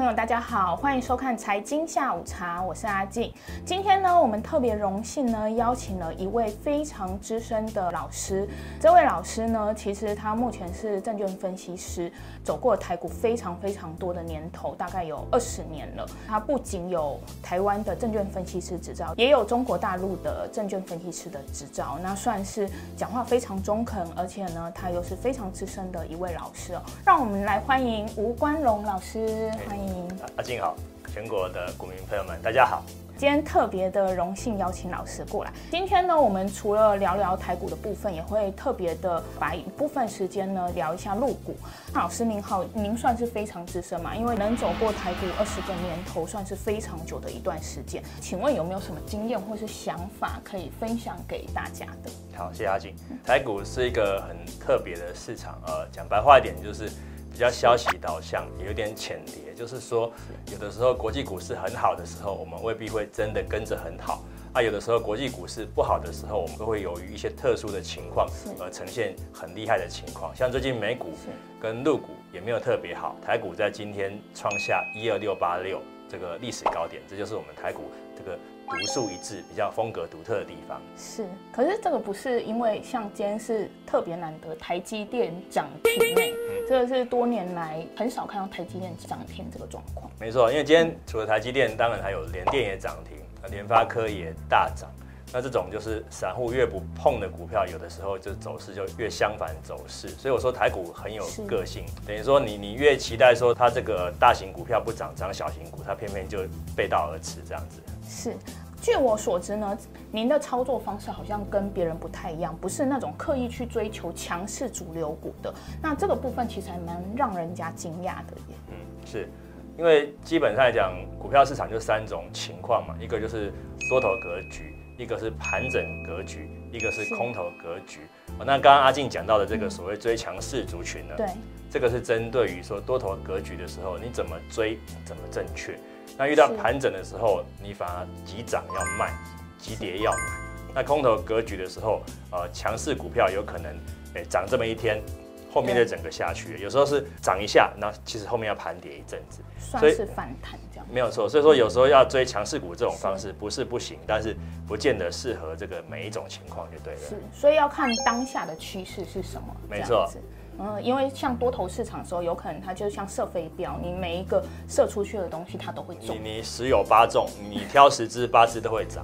朋友大家好，歡迎收看財經下午茶，我是阿靜。今天呢，我們特別榮幸呢，邀請了一位非常資深的老師。這位老師呢，其實他目前是證券分析師，走過台股非常非常多的年頭，大概有二十年了。他不僅有台灣的證券分析師執照，也有中國大陸的證券分析師的執照。那算是講話非常中肯，而且呢，他又是非常資深的一位老師哦。讓我們來歡迎吳官隆老師，歡迎。您阿靜好，全國的股民朋友們，大家好。今天特別的榮幸邀請老師過來。今天呢，我們除了聊聊台股的部分，也會特別的把一部分時間呢聊一下陸股。那、啊、老師您好，您算是非常資深嘛？因為能走過台股二十個年頭，算是非常久的一段時間。請問有沒有什麼經驗或是想法可以分享給大家的？好，謝謝阿靜。嗯、台股是一個很特別的市場，呃，講白話一點就是。比較消息導向，有點淺碟，就是說，有的時候國際股市很好的時候，我們未必會真的跟着很好啊；有的時候國際股市不好的時候，我們都會由於一些特殊的情況而呈現很厲害的情況。是像最近美股跟陸股也沒有特別好，台股在今天創下一二六八六這個歷史高點，這就是我們台股這個。獨樹一幟，比較風格獨特的地方是。可是這個不是因為像今天是特別難得，台積電漲停、欸，嗯、這個是多年來很少看到台積電漲停這個狀況。沒錯，因為今天除了台積電，當然還有聯電也漲停，那聯發科也大漲。那這種就是散戶越不碰的股票，有的時候就走勢就越相反走勢。所以我說台股很有個性，是等於說你你越期待說它這個大型股票不漲，漲小型股，它偏偏就背道而馳這樣子。是，據我所知呢，您的操作方式好像跟別人不太一樣，不是那種刻意去追求強勢主流股的。那這個部分其實還蠻讓人家驚訝的。嗯，是，因為基本上來講，股票市場就三種情況嘛，一個就是多頭格局，一個是盤整格局，一個是空頭格局。是哦、那剛剛阿靜講到的這個所謂追強勢族群呢，對，這個是針對於說多頭格局的時候，你怎麼追怎麼正確。那遇到盤整的時候，你反而急漲要慢，急跌要慢。那空頭格局的時候，呃、強勢股票有可能，哎、欸，漲這麼一天，後面就整個下去。對有時候是漲一下，那其實後面要盤跌一陣子，算是反彈這樣子。沒有錯，所以說有時候要追強勢股這種方式不是不行，是但是不見得適合這個每一種情況就對了。是，所以要看當下的趨勢是什麼。沒錯。嗯，因為像多頭市場的時候，有可能它就像射飛鏢，你每一個射出去的東西，它都會中你。你你十有八中， 你挑十隻八隻都會漲。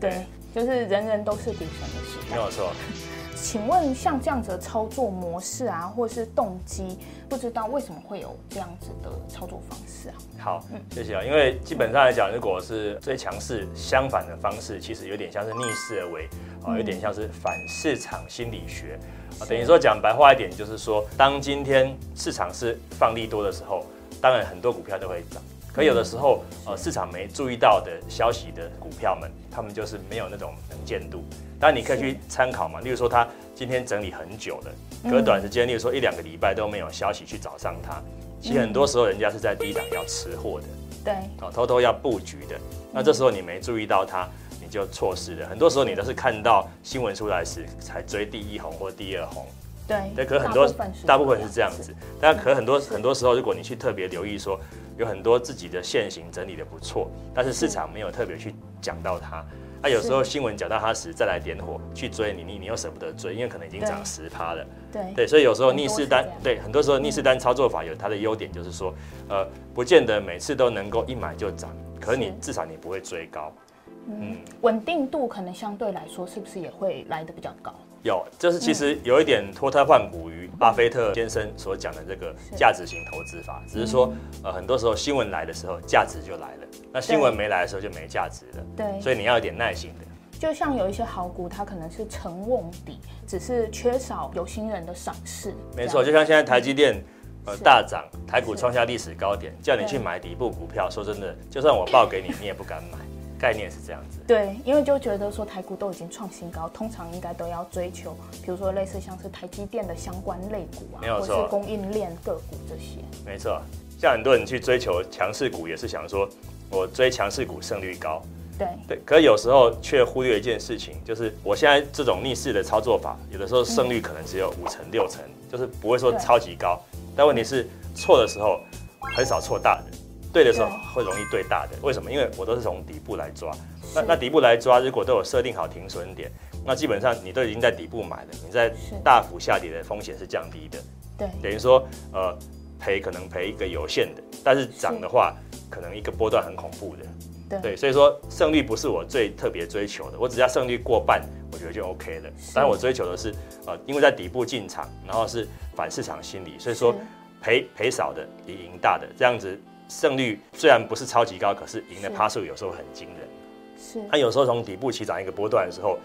對，對就是人人都是股神的時代。沒有錯。請問像這樣子的操作模式啊，或是動機，不知道為什麼會有這樣子的操作方式啊？好，謝謝啊。因為基本上來講，如果是最強勢相反的方式，其實有點像是逆勢而為啊、哦，有點像是反市場心理學、嗯、啊。等於說講白話一點，就是說，當今天市場是放利多的時候，當然很多股票都會漲。可有的時候，呃，市場沒注意到的消息的股票們，他們就是沒有那種能見度。當然，你可以去參考嘛。是例如說，他今天整理很久了，嗯、隔短時間，例如說一兩個禮拜都沒有消息去找上他。其實很多時候，人家是在低檔要吃貨的，對、嗯，哦，偷偷要布局的。嗯、那這時候你沒注意到他，你就錯失了。很多時候你都是看到新聞出來時才追第一紅或第二紅，對，對。可很多大部分是這樣子，樣子是但可很多很多時候，如果你去特別留意說。有很多自己的線型整理的不錯，但是市場沒有特別去講到它，那是、啊，有時候新聞講到它時，再來點火是去追你，你你又捨不得追，因為可能已經漲十趴了。對對，所以有時候逆勢單，對，很多時候逆勢單操作法有它的優點，就是說，呃，不見得每次都能夠一買就漲，可是你至少你不會追高。是嗯，穩定度可能相對來說是不是也會來的比較高？有，就是其實有一點脫胎換骨於巴菲特先生所講的這個價值型投資法，是只是說，嗯、呃，很多時候新聞來的時候價值就來了，對那新聞沒來的時候就沒價值了。對，所以你要有點耐心的。就像有一些好股，它可能是沉甕底，只是缺少有心人的賞識。沒錯，就像現在台積電，呃，大漲，是台股創下歷史高點，是叫你去買底部股票，對說真的，就算我報給你，你也不敢買。 概念是這樣子，對，因為就覺得說台股都已經創新高，通常應該都要追求，比如說類似像是台積電的相關類股啊，沒有錯，或者是供應鏈個股這些。沒錯，像很多人去追求強勢股，也是想說，我追強勢股勝率高。對對，可是有時候卻忽略一件事情，就是我現在這種逆勢的操作法，有的時候勝率可能只有五成六成，嗯、就是不會說超級高。對但問題是錯的時候很少錯大的。對的時候會容易對大的，有為什麼？因為我都是從底部來抓，是那那底部來抓，如果都有設定好停損點，那基本上你都已經在底部買了，你在大幅下跌的風險是降低的。對是，等於說呃賠可能賠一個有限的，但是漲的話是可能一個波段很恐怖的。對，對，所以說勝率不是我最特別追求的，我只要勝率過半，我覺得就 OK 了。但是我追求的是呃因為在底部進場，然後是反市場心理，所以說賠是賠少的，你贏大的這樣子。勝率雖然不是超級高，可是贏的趴數有時候很驚人。是，它、啊、有時候從底部起漲一個波段的時候，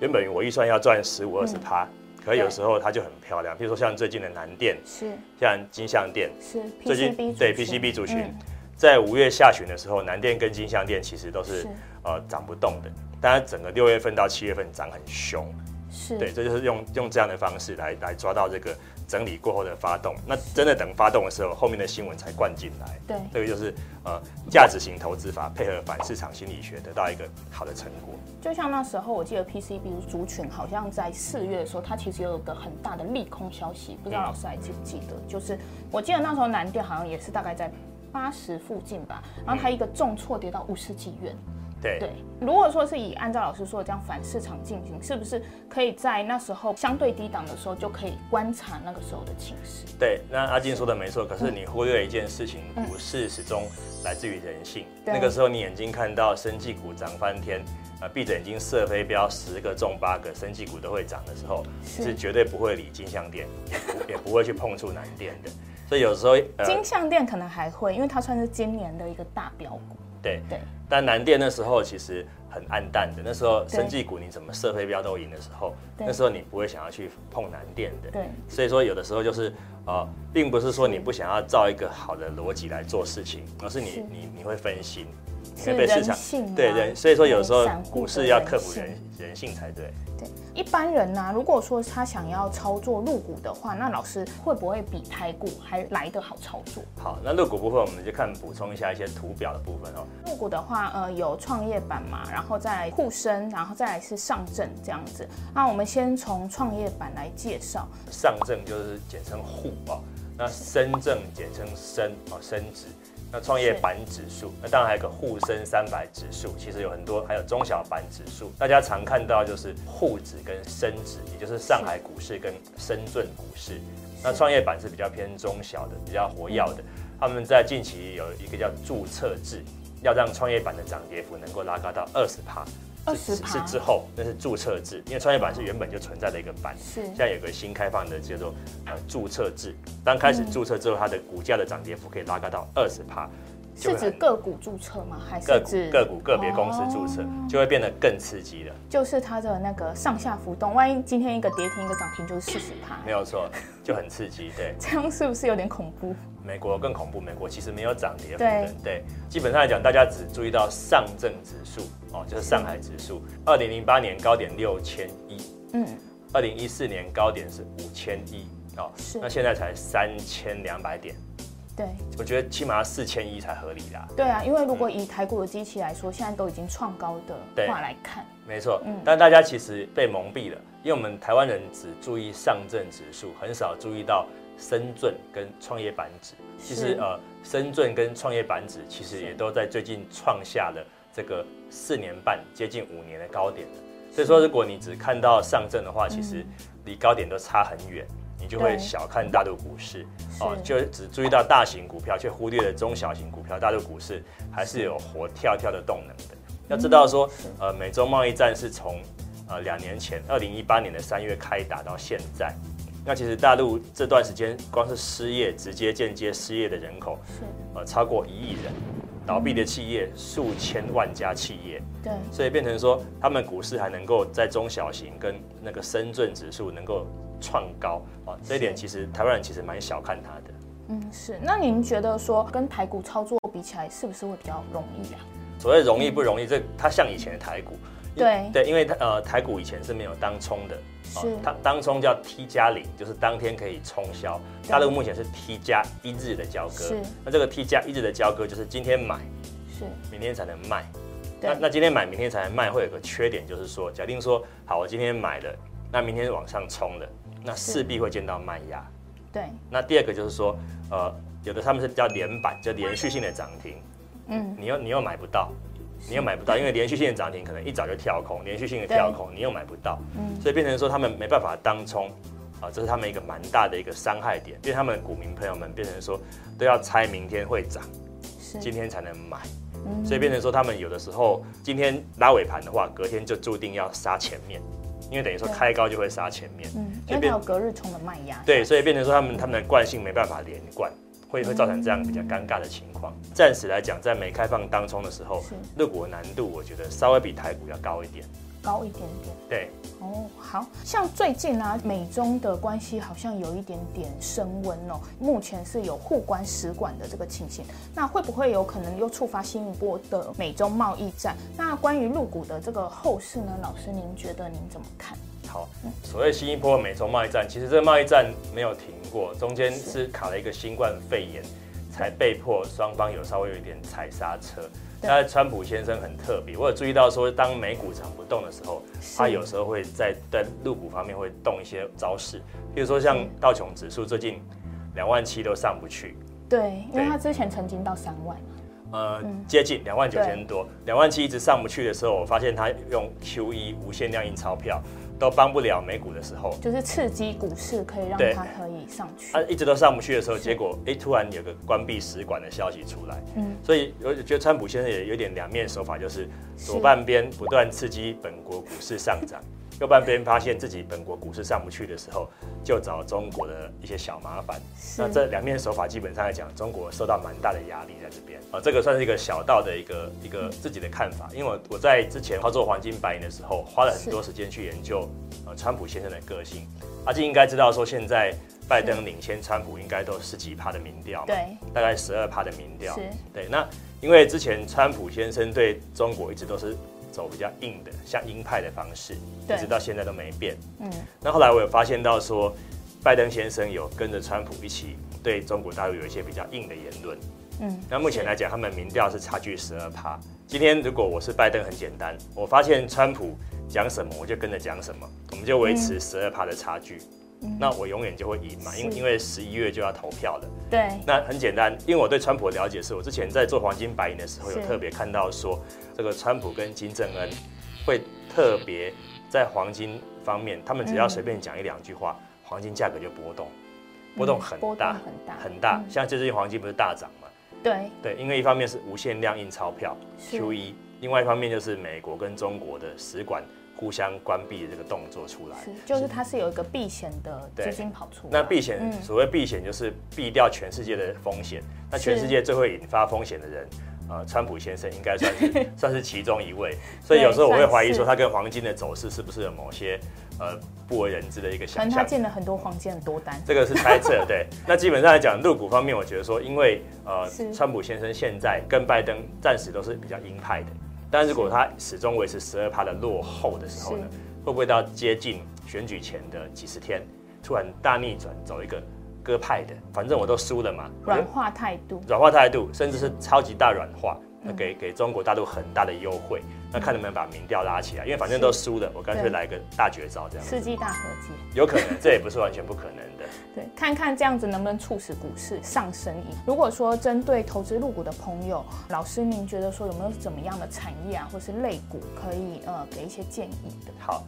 原本我預算要賺十五二十趴，嗯、可有時候它就很漂亮。譬對如說像最近的南電，是，像金像電是，是，最近對 PCB 族群，主群嗯、在五月下旬的時候，南電跟金像電其實都是，是呃漲不動的，但它整個六月份到七月份漲很兇。是對，這就是用用這樣的方式來來抓到這個整理過後的發動。那真的等發動的時候，後面的新聞才灌進來。對，這個就是呃價值型投資法配合反市場心理學得到一個好的成果。就像那時候，我記得 PCB 族群好像在四月的時候，它其實有一個很大的利空消息，不知道老師還記不記得？嗯、就是我記得那時候南電好像也是大概在八十附近吧，然後它一個重挫跌到五十幾元。對，對，如果說是以按照老師說的這樣反市場進行，是不是可以在那時候相對低檔的時候就可以觀察那個時候的情勢？對，那阿金說的沒錯，是可是你忽略一件事情，嗯、股市始終來自於人性。嗯、那個時候你眼睛看到生技股漲翻天，啊、呃，閉着眼睛射飛鏢十個中八個，生技股都會漲的時候，是，是絕對不會理金像電 也，也不會去碰觸南電的。所以有時候、呃、金像電可能還會，因為它算是今年的一個大飆股。對，但南電那時候其實很暗淡的，那時候生技股你怎麼射飛鏢都贏的時候，對那時候你不會想要去碰南電的。對，所以說有的時候就是、呃、並不是說你不想要造一個好的邏輯來做事情，而是你是你你會分心。資本、啊、對，對，對，所以說有時候股市要克服人性，人性才對。對，一般人呢、啊，如果說他想要操作陸股的話，那老師會不會比台股還來得好操作？好，那陸股部分我們就看補充一下一些圖表的部分哦。陸股的話，呃，有創業板嘛，然後再滬深，然後再來是上證這樣子。那我們先從創業板來介紹。上證就是簡稱滬啊，那深證簡稱深啊、哦，深指。那創業板指數，是那當然還有個滬深三百指數，其實有很多，還有中小板指數，大家常看到就是滬指跟深指，也就是上海股市跟深圳股市。是那創業板是比較偏中小的，比較活躍的。是他們在近期有一個叫註冊制，要讓創業板的漲跌幅能夠拉高到二十趴。是，是，是之後，那是註冊制，因為創業板是原本就存在的一個板，是現在有個新開放的叫做呃註冊制。當開始註冊之後，嗯、它的股價的漲跌幅可以拉高到二十%。是指個股註冊嗎？還是個股，個股個別公司註冊，就會變得更刺激了，哦。就是它的那個上下浮動，萬一今天一個跌停一個漲停，就是四十趴。欸、沒有錯，就很刺激。對，這樣是不是有點恐怖？美國更恐怖。美國其實沒有漲跌分的。對對，對基本上來講，大家只注意到上證指數哦，就是上海指數。二零零八年高點六千一，嗯，二零一四年高點是五千一哦，是，那現在才三千兩百點。對我覺得起碼要四千一才合理啦，啊。對啊，因為如果以台股的機器來說，嗯、現在都已經創高的話來看，沒錯。嗯，但大家其實被蒙蔽了，因為我們台灣人只注意上證指數，很少注意到深圳跟創業板指。其實是呃，深圳跟創業板指其實也都在最近創下了這個四年半接近五年的高點。所以說，如果你只看到上證的話，是其實離高點都差很遠。你就會小看大陸股市啊，就只注意到大型股票，卻忽略了中小型股票。大陸股市還是有活跳跳的動能的。是要知道說，是呃，美中貿易戰是從呃兩年前二零一八年的三月開打到現在，那其實大陸這段時間光是失業，直接間接失業的人口是呃超過一億人，倒閉的企業數千萬家企業，對，所以變成說，他們股市還能夠在中小型跟那個深圳指數能夠。創高、啊，這一點其實是台灣人其實蠻小看它的。嗯，是。那您覺得說跟台股操作比起來，是不是會比較容易啊？所謂容易不容易，這它像以前的台股。對。對，因為它呃台股以前是沒有當沖的，啊，是。它當沖叫 T 加零，0，就是當天可以沖銷。大陸目前是 T 加一日的交割。是對。那這個 T 加一日的交割，就是今天買，是。明天才能賣。對那那今天買，明天才能賣，會有個缺點，就是說，假定說好，我今天買的，那明天是往上衝的。那勢必會見到賣壓，對。那第二個就是說，呃，有的他們是叫連板，就連續性的漲停，嗯，你又你又買不到，是你又買不到，因為連續性的漲停可能一早就跳空，連續性的跳空對你又買不到，嗯，所以變成說他們沒辦法當沖，啊、呃，這是他們一個蠻大的一個傷害點，因為他們的股民朋友們變成說都要猜明天會漲，是，今天才能買，嗯，所以變成說他們有的時候今天拉尾盤的話，隔天就注定要殺前面。因為等於說開高就會殺前面，嗯，那它有隔日沖的賣壓，對，所以變成說他們他們的慣性沒辦法連貫，會會造成這樣比較尷尬的情況。嗯、暫時來講，在沒開放當沖的時候，陸股的難度，我覺得稍微比台股要高一點。高一點點，對，哦，好像最近呢、啊，美中的關係好像有一點點升溫哦，目前是有互關使館的這個情形，那會不會有可能又觸發新一波的美中貿易戰？那關於陸股的這個後市呢，老師您覺得您怎麼看？好，所謂新一波美中貿易戰，其實這個貿易戰沒有停過，中間是卡了一個新冠肺炎，是才被迫雙方有稍微有一點踩剎車。對那川普先生很特別，我有注意到說，當美股漲不動的時候，是他有時候會在在陸股方面會動一些招式，譬如說像道瓊指數最近兩萬七都上不去，對，對因為他之前曾經到三萬，呃，嗯、接近兩萬九千多，兩對萬七一直上不去的時候，我發現他用 Q E 無限量印鈔票。都幫不了美股的時候，就是刺激股市，可以讓它可以上去。啊、一直都上不去的時候，是結果、欸、突然有個關閉使館的消息出來，嗯，所以我覺得川普先生也有點兩面手法，就是左半邊不斷刺激本國股市上漲。是 要不然別人發現自己本國股市上不去的時候，就找中國的一些小麻煩。是那這兩面手法基本上來講，中國受到蠻大的壓力在這邊啊。呃，這個算是一個小道的一個一個自己的看法。因為我我在之前操作黃金白銀的時候，花了很多時間去研究是，呃，川普先生的個性。阿金應該知道說，現在拜登領先川普應該都十幾趴的民調，對，大概十二趴的民調。是對，那因為之前川普先生對中國一直都是。走比較硬的，像鷹派的方式，一對直到現在都沒變。嗯，那後來我有發現到說，拜登先生有跟着川普一起對中國大陸有一些比較硬的言論。嗯，那目前來講，他們民調是差距十二趴。今天如果我是拜登，很簡單，我發現川普講什麼我就跟着講什麼，我們就維持十二趴的差距。嗯。嗯、那我永遠就會贏嘛，是因為因為十一月就要投票了。對，那很簡單，因為我對川普的了解是我之前在做黃金白銀的時候是有特別看到說，這個川普跟金正恩會特別在黃金方面，他們只要隨便講一兩句話，嗯、黃金價格就波動，波動很大，很大，很大。嗯、像最近黃金不是大漲嘛？對對，因為一方面是無限量印鈔票是，QE，另外一方面就是美國跟中國的使館。互相關閉的這個動作出來，就是它是有一個避險的資金跑出。那避險，所謂避險就是避掉全世界的風險。那全世界最會引發風險的人，呃，川普先生應該算是算是其中一位。所以有時候我會懷疑說，他跟黃金的走勢是不是有某些呃不為人知的一個想象？他建了很多黃金的多單，這個是猜測。對，那基本上來講，陸股方面，我覺得說，因為呃，川普先生現在跟拜登暫時都是比較鷹派的。但如果他始終維持十二趴的落後的時候呢，會不會到接近選舉前的幾十天，突然大逆轉走一個鴿派的？反正我都輸了嘛，軟化態度，軟化態度，甚至是超級大軟化。給給中國大陸很大的優惠，那看能不能把民調拉起來，因為反正都輸了，是我乾脆來個大絕招，對這樣世紀大和解，有可能，這也不是完全不可能的 對。對，看看這樣子能不能促使股市上升。如果說針對投資入股的朋友，老師您覺得說有沒有怎麼樣的產業啊，或是類股可以、嗯、呃給一些建議的？好，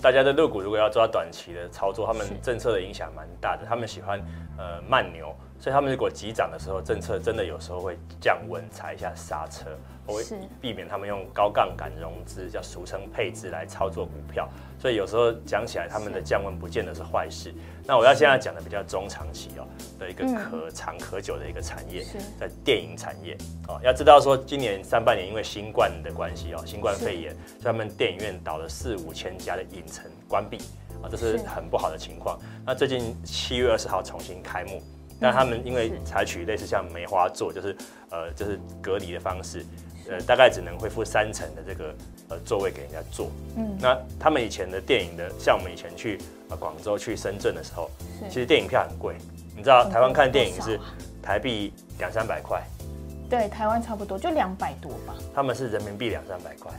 大家的入股如果要抓短期的操作，他們政策的影響蠻大的，是他們喜歡、呃、慢牛。所以他們如果急漲的時候，政策真的有時候會降溫踩一下剎車，會避免他們用高槓桿融資，叫俗稱配資來操作股票。所以有時候講起來，他們的降溫不見得是壞事。那我要現在講的比較中長期哦的一個可長可久的一個產業，在、嗯、電影產業，要知道說今年上半年因為新冠的關係哦，新冠肺炎，是所以他們電影院倒了四五千家的影城關閉啊，這是很不好的情況。那最近七月二十號重新開幕。那他們因為採取類似像梅花座，就是呃，就是隔離的方式，是呃，大概只能恢復三層的這個、呃、座位給人家坐。嗯，那他們以前的電影的，像我們以前去、呃、廣州、去深圳的時候，是其實電影票很貴。你知道、啊、台灣看電影是台幣兩三百塊，對，台灣差不多就兩百多吧。他們是人民幣兩三百塊。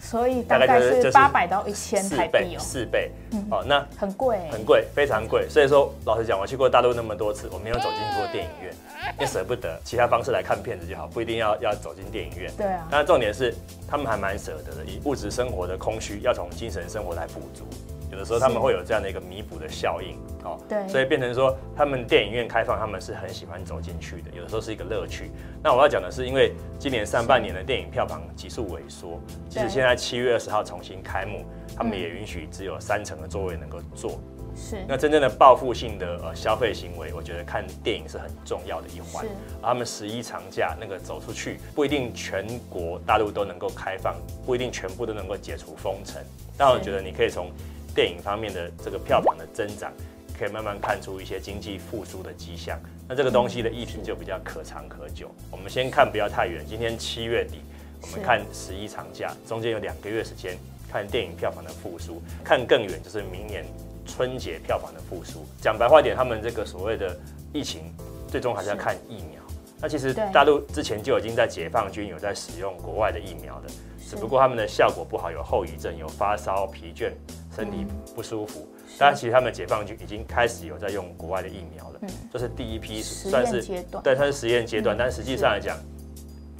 所以大概就是八百到一千台幣哦、喔，四倍、四倍、嗯、哦，那很貴，很貴，非常貴。所以說，老實講，我去過大陸那麼多次，我沒有走進過電影院，也捨不得。其他方式來看片子就好，不一定要要走進電影院。對啊。但重點是，他們還蠻捨得的，以物質生活的空虛，要從精神生活來補足。有的時候他們會有這樣的一個彌補的效應，是哦，對，所以變成說他們電影院開放，他們是很喜歡走進去的，有的時候是一個樂趣。那我要講的是，因為今年上半年的電影票房急速萎縮，即使現在七月二十號重新開幕，對他們也允許只有三成的座位能夠坐。是、嗯。那真正的報復性的呃消費行為，我覺得看電影是很重要的一環。是他們十一長假那個走出去不一定全國大陸都能夠開放，不一定全部都能夠解除封城。但我覺得你可以從。電影方面的這個票房的增長，可以慢慢看出一些經濟復甦的跡象。那這個東西的疫情就比較可長可久。是我們先看不要太遠，今天七月底，我們看十一長假是中間有兩個月時間看電影票房的復甦。看更遠就是明年春節票房的復甦。講白話點，他們這個所謂的疫情，最終還是要看疫苗。是那其實大陸之前就已經在解放軍有在使用國外的疫苗的，是只不過他們的效果不好，有後遺症，有發燒、疲倦。身體不舒服，嗯、但其實他們解放軍已經開始有在用國外的疫苗了，嗯，這是第一批，實驗階段，對，算是實驗階段，嗯、但實際上來講，是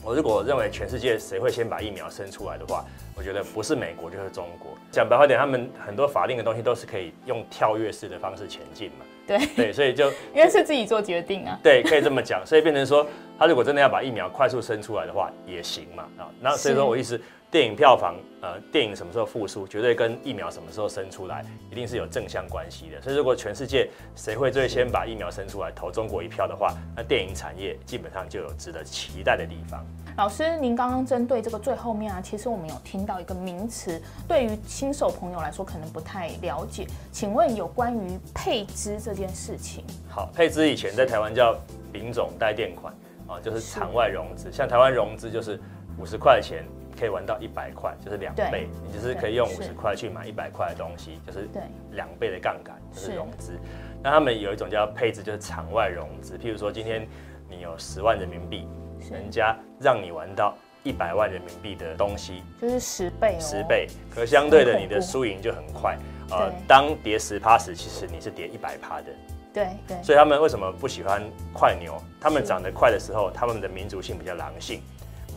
我如果認為全世界誰會先把疫苗生出來的話，我覺得不是美國就是中國。講白話點，他們很多法令的東西都是可以用跳躍式的方式前進嘛，對，對，所以就因為是自己做決定啊，對，可以這麼講，所以變成說，他如果真的要把疫苗快速生出來的話，也行嘛啊，那所以說我意思。電影票房，呃，電影什麼時候復蘇，絕對跟疫苗什麼時候生出來，一定是有正向關係的。所以如果全世界誰會最先把疫苗生出來，是投中國一票的話，那電影產業基本上就有值得期待的地方。老師，您剛剛針對這個最後面啊，其實我們有聽到一個名詞，對於新手朋友來說可能不太了解，請問有關於配資這件事情？好，配資以前在台灣叫丙種墊款啊是、哦，就是場外融資。像台灣融資就是五十塊錢。可以玩到一百塊，就是兩倍。對你就是可以用五十塊去買一百塊的東西，對就是兩倍的槓桿，對就是融資。是那他們有一種叫配資，就是場外融資。譬如說，今天你有十萬人民幣，是人家讓你玩到一百萬人民幣的東西，就是十倍、哦，十倍。可相對的，你的輸贏就很快。嗯、呃，當跌十趴時，其實你是跌一百趴的。對對。對所以他們為什麼不喜歡快牛？他們漲得快的時候，是他們的民族性比較狼性。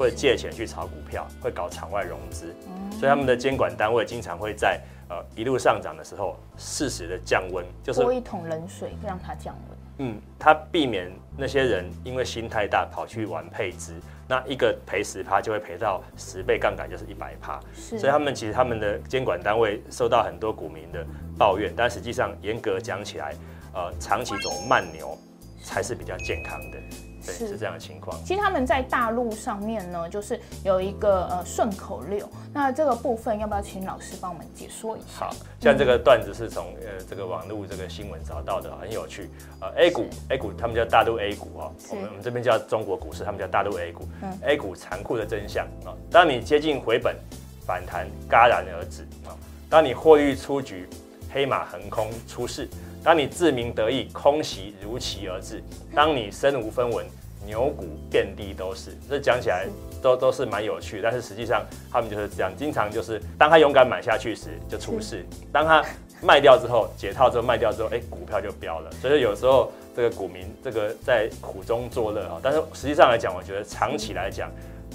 會借錢去炒股票，會搞場外融資，嗯，所以他們的監管單位經常會在呃一路上漲的時候適時的降溫，就是潑一桶冷水讓它降溫。嗯，它避免那些人因為心太大跑去玩配資，那一個賠十趴就會賠到十倍槓桿，就是一百趴。是，所以他們其實他們的監管單位受到很多股民的抱怨，但實際上嚴格講起來，呃，長期走慢牛才是比較健康的。是這樣的情況。其實他們在大陸上面呢，就是有一個呃順口溜。那這個部分要不要請老師幫我們解說一下？好，像這個段子是從呃這個網絡這個新聞找到的，很有趣，啊。呃，A 股，A 股他們叫大陸 A 股哦、啊，我們我們這邊叫中國股市，他們叫大陸 A 股。嗯，A 股殘酷的真相啊，當你接近回本，反彈戛然而止啊；當你獲益出局，黑馬橫空出世；當你自鳴得意，空襲如期而至；當你身無分文。牛股遍地都是，這講起來都都是蠻有趣，但是實際上他們就是這樣，經常就是當他勇敢買下去時就出事，當他賣掉之後解套之後賣掉之後，哎，股票就飆了，所以有時候這個股民這個在苦中作樂啊。但是實際上來講，我覺得長期來講。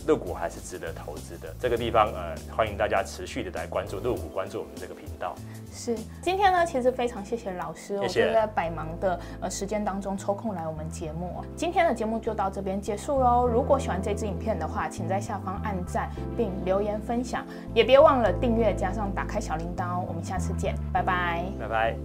陸股還是值得投資的，這個地方呃，歡迎大家持續的來關注陸股，關注我們這個頻道。是，今天呢，其實非常謝謝老師、哦，謝謝我謝在,在百忙的呃時間當中抽空來我們節目。今天的節目就到這邊結束嘍。如果喜歡這支影片的話，請在下方按讚並留言分享，也別忘了訂閱加上打開小鈴鐺、哦。我們下次見，拜拜，拜拜。